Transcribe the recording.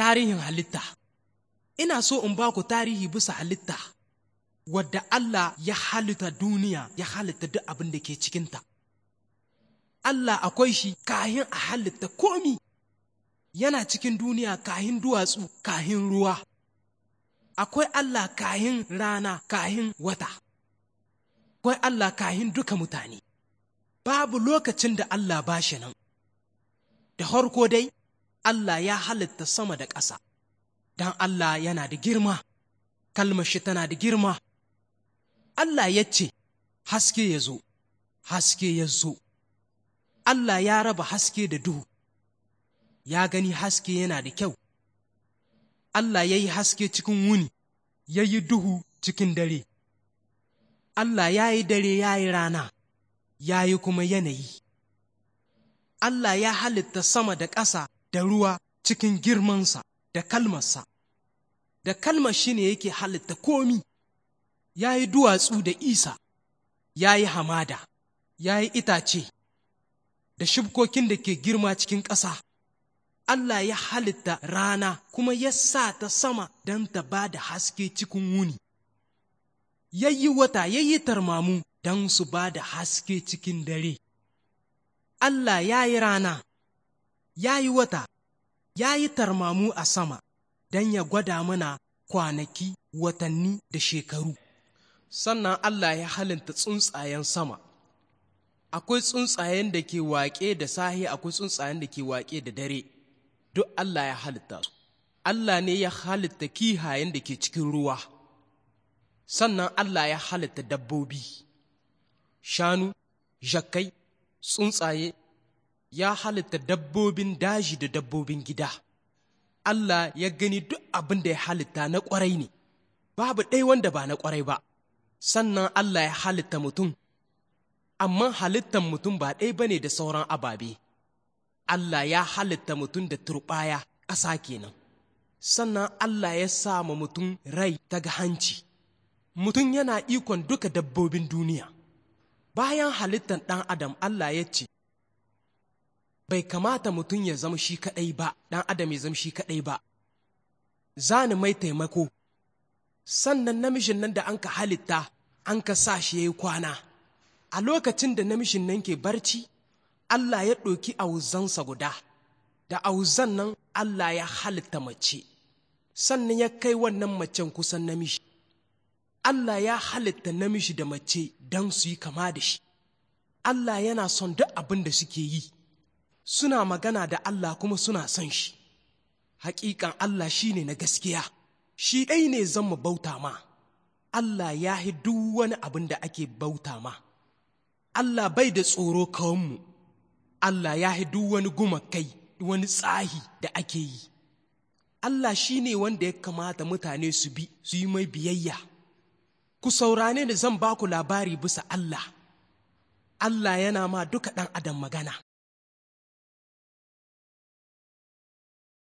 tarihin halitta ina so in ba ku tarihi bisa halitta wadda Allah ya halitta duniya ya halitta duk abin da ke cikinta Allah akwai shi kahin a halitta komi yana cikin duniya kahin duwatsu kahin ruwa akwai Allah kahin rana kahin wata akwai Allah kahin duka mutane babu lokacin da Allah ba shi nan da harko dai Allah ya halitta sama da ƙasa, don Allah yana da girma, Kalmashi tana da girma. Allah ya ce, Haske ya zo, haske ya zo, Allah ya raba haske da duhu, ya gani haske yana da kyau, Allah ya yi haske cikin wuni, ya yi duhu cikin dare, Allah ya yi dare ya yi rana, ya yi kuma yanayi. Allah ya halitta sama da ƙasa da ruwa cikin girmansa da kalmarsa, da kalmar shi ne yake halitta komi, ya yi duwatsu da isa, ya yi hamada, ya yi itace, da shibkokin da ke girma cikin ƙasa. Allah ya halitta rana kuma ya sa ta sama don ta ba da haske cikin wuni, ya yi wata ya yi tarmamu don su ba da haske cikin dare. Allah ya yi rana ya yi wata, ya yi tarmamu a sama don ya gwada mana kwanaki, watanni da shekaru. Sannan Allah ya halinta tsuntsayen sama, akwai tsuntsayen da ke waƙe da sahi akwai tsuntsayen da ke waƙe da dare, duk Allah ya halitta su. Allah ne ya halitta kihayen da ke cikin ruwa, sannan Allah ya halitta dabbobi, shanu, jakai, tsuntsaye, ya halitta dabbobin daji da dabbobin gida. Allah ya gani duk abin da ya halitta na ƙwarai ne, babu ɗai wanda ba na ƙwarai ba, sannan Allah ya halitta mutum, amma halittan mutum ba ɗai ba ne da sauran ababe. Allah ya halitta mutum da turɓaya ƙasa kenan, sannan Allah ya sa ma mutum rai ta ga hanci. Mutum yana ikon duka dabbobin duniya. Bayan halittan ɗan Adam Allah ya ce, bai kamata mutum ya zama shi kaɗai ba ɗan adam ya zama shi kaɗai ba Zani mai taimako sannan namishin nan da an ka halitta an ka sa shi ya yi kwana a lokacin da namishin nan ke barci Allah ya ɗoki auzansa guda da auzan nan Allah ya halitta mace sannan ya kai wannan macen kusan namishi Allah ya halitta namishi da mace don su yi kama da shi Allah yana son duk abin da suke yi suna magana da Allah kuma suna son shi hakikan Allah shi ne na gaskiya shi ɗai ne zan mu bauta ma Allah ya yi duk wani abin da ake bauta ma Allah bai da tsoro kawanmu Allah ya yi duk wani gumakai wani tsahi da ake yi Allah shi ne wanda ya kamata mutane su bi su yi mai biyayya ku saurane da zan ba ku labari bisa Allah Allah yana ma duka ɗan adam magana